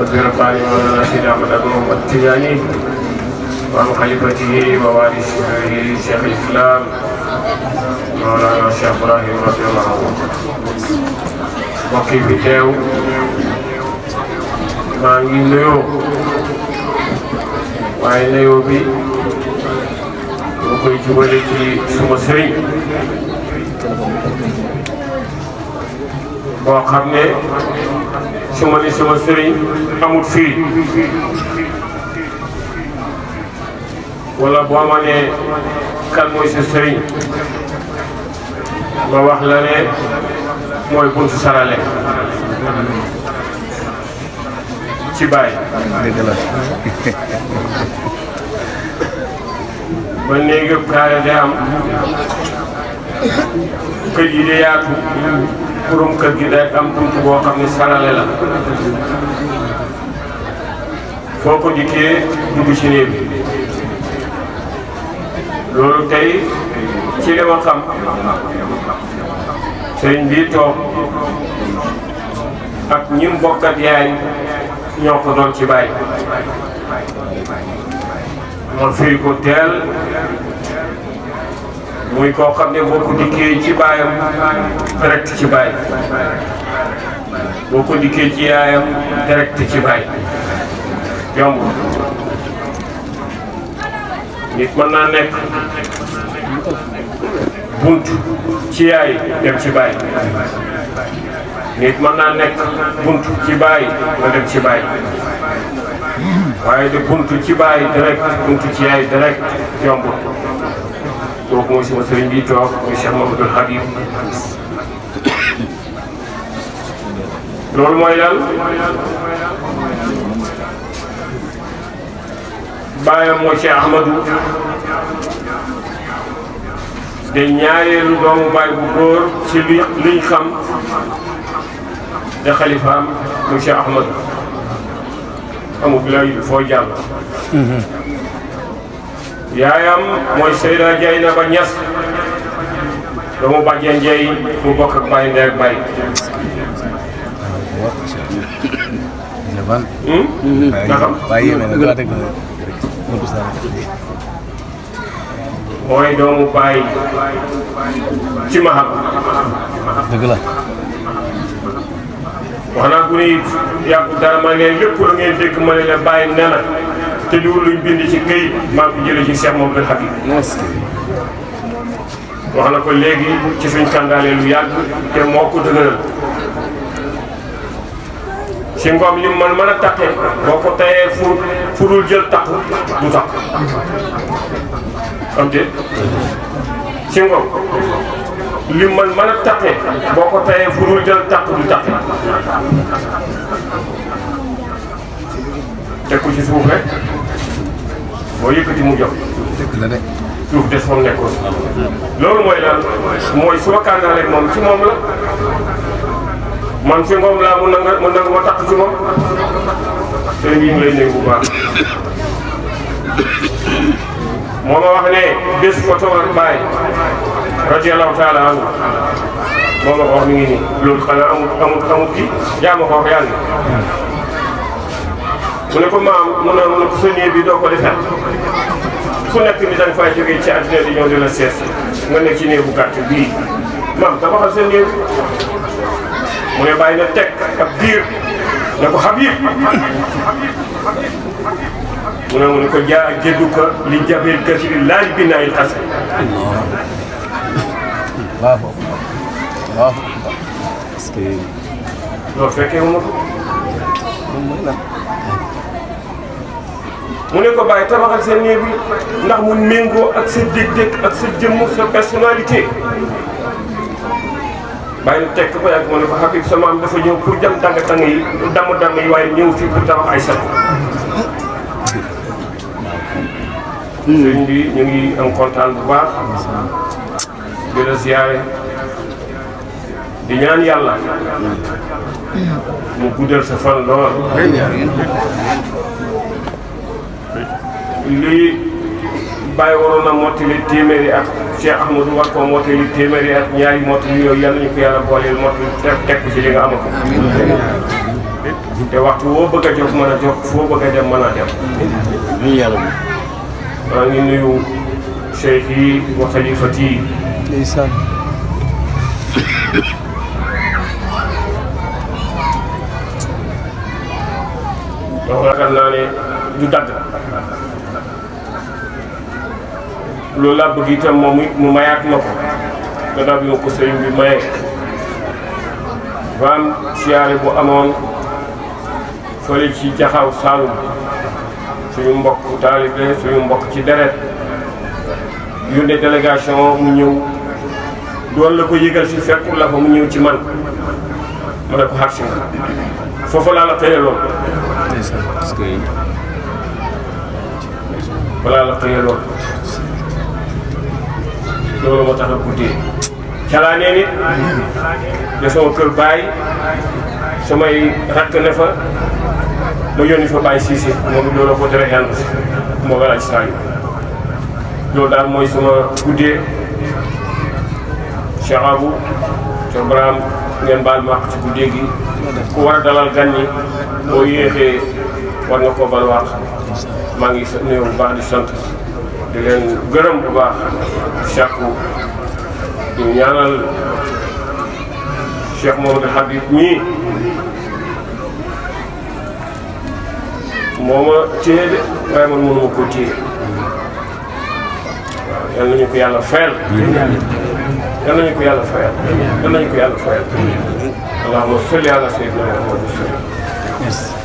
رضي ربنا مولانا سيدنا احمد ابو محمد التجاني وعن خليفته ووالي شيخ الاسلام مولانا الشيخ ابراهيم رضي الله عنه mbokki bi teew maa ngi nuyoo waaye nuyoo bi ma koy jubale ci suma sëriñ boo xam ne su ma ni sama sëriñ amul firi wala boo ma nee kan mooy sa sëriñ ba wax la ne mooy buntu sarale ci bàyyi dëgg la ba kaare day am kër yi de yaatu kurum kër gi day am buntu boo xam ne salale la foo ko dikkee dugg ci néeg bi loolu tey ci li ma xam sëriñ bii toog ak ñi mu yaay ñoo ko doon ci bàyyi ma firi ko teel muy koo xam ne boo ko dikkee ci baayam direct ci baay boo ko dikkee ci yaayam direct ci baay yomb nit mën naa nekk bunt ci yaay dem ci baay nit mën naa nekk bunt ci baay nga dem ci baay waaye de bunt ci baay direct bunt ci yaay direct yomb kooku mooy sama sëriñ bi toog muy Cheikh Mouhamadoul Habib loolu mooy lan baayam mooy Cheikh Ahmadou de ñaareelu doomu baay bu góor ci li liñ xam de xalifaam muy Cheikh Ahmadou amul la foo jàll yaayam mooy Seyda Dieynaba Niass doomu bàjjen Ndiaye mu bokk ak bàyyi iya, hmm? ndey ak bàyyi. mooy doomu bàyyi ci mahab. dëgg la. wax naa ya, ku ne yàgg dara ma ngeen lépp lu ngeen dégg ma ne la bàyyi nee te duur luñ bind ci këyit maa ko jëlee ci Cheikh Mamadou Khadim wax na ko léegi ci suñ kàngaale lu yàgg te moo ko dëgëral si ngoom li man mën a taqee boo ko tayee fu jël taq du taq te mën a taqee boo ko tayee fu dul ku ci suuf boo yëkkati mu jox. dëgg la de. suuf des fa mu loolu mooy lan mooy su ma kàngaaleeg moom ci moom la man fi moom laa mun na nga takk ci moom te ngi lay nuyu bu baax. moo ma wax ne bés fa tawar baay radiyallahu taala anhu moo ma wax mi ngi nii loolu xanaa amul amul amul kii yaa ma mu ne ko maam mu ne mu ne ko soññee bi doo ko defal fu nekk ni danga fay jógee ci àddina di ñëw di la seet nga nekk ci néegu gàtt bii maam tabaxal sa néeg mu ne bàyyi na teg ab biir ne ko Habib mu ne mu ne ko jaa ak jëddu ko li jabir gasi bi laaj bi naay xase waaw waaw parce que loolu fekkee wu ma ko mu ne ko bàyyi tabaxal seen néeg bi ndax mu méngoo ak sa dég-dég ak sa jëmm sa personnalité bàyyi nu teg ko yàgg mu ne ko Habib sa maam dafa ñëw pour jam tàng-tàng yi damm-damm yi waaye ñëw fii pour tabax ay sa sëñ ñu ngi am kontaan bu baax di la di ñaan yàlla mu guddal sa fan lool lii bàyyi waroon na mottali téeméeri ak Cheikh Ahmadou war koo mottali téeméeri ak ñaari mottali yal nañu ko yàlla booleel mottali teg ko ci li nga amako waxtu woo bëgg a jóg mën a jóg foo bëgg a dem mën a dem. nuyu yàlla moom. maa ngi nuyu cheikh yi wa xalifat yi. ndeysaan. donc yaakaar naa ne du dagg. loolu laa bëgg itam moom mu mayaat ma ko gannaaw bi ma ko sëriñ bi maye ba siyaare bu amoon fële ci jaxaw Saalum suñu mbokk taalibe suñu mbokk ci deret yónnee délégation mu ñëw doon la ko yëgal si fekkul la fa mu ñëw ci man ma ne ko xar si nga laa la xëyaloon balaa loolu moo tax nag guddee calaa nee nit sama kër baay samay rakk ne fa ma yónni fa bàyyi siise moom it loolu ko tere xel moo waral saa yi loolu daal mooy sama guddee Cheikh Abou Cheikh Ibrahim ngeen baal ma ci guddee gi ku war a dalal gan ñi boo yéexee war nga koo bal wax maa ngi nuyoo bu baax di sant di leen gërëm bu baax chaque ñu ñaanal Cheikh Mamadou Habib mii moo ma téye de waaye man mënuma koo téye waaw yal nañu ko yàlla fayal. yal nañu ko yàlla fayal. yal nañu ko yàlla fayal. allahumma salli ala sayyidina Muhammad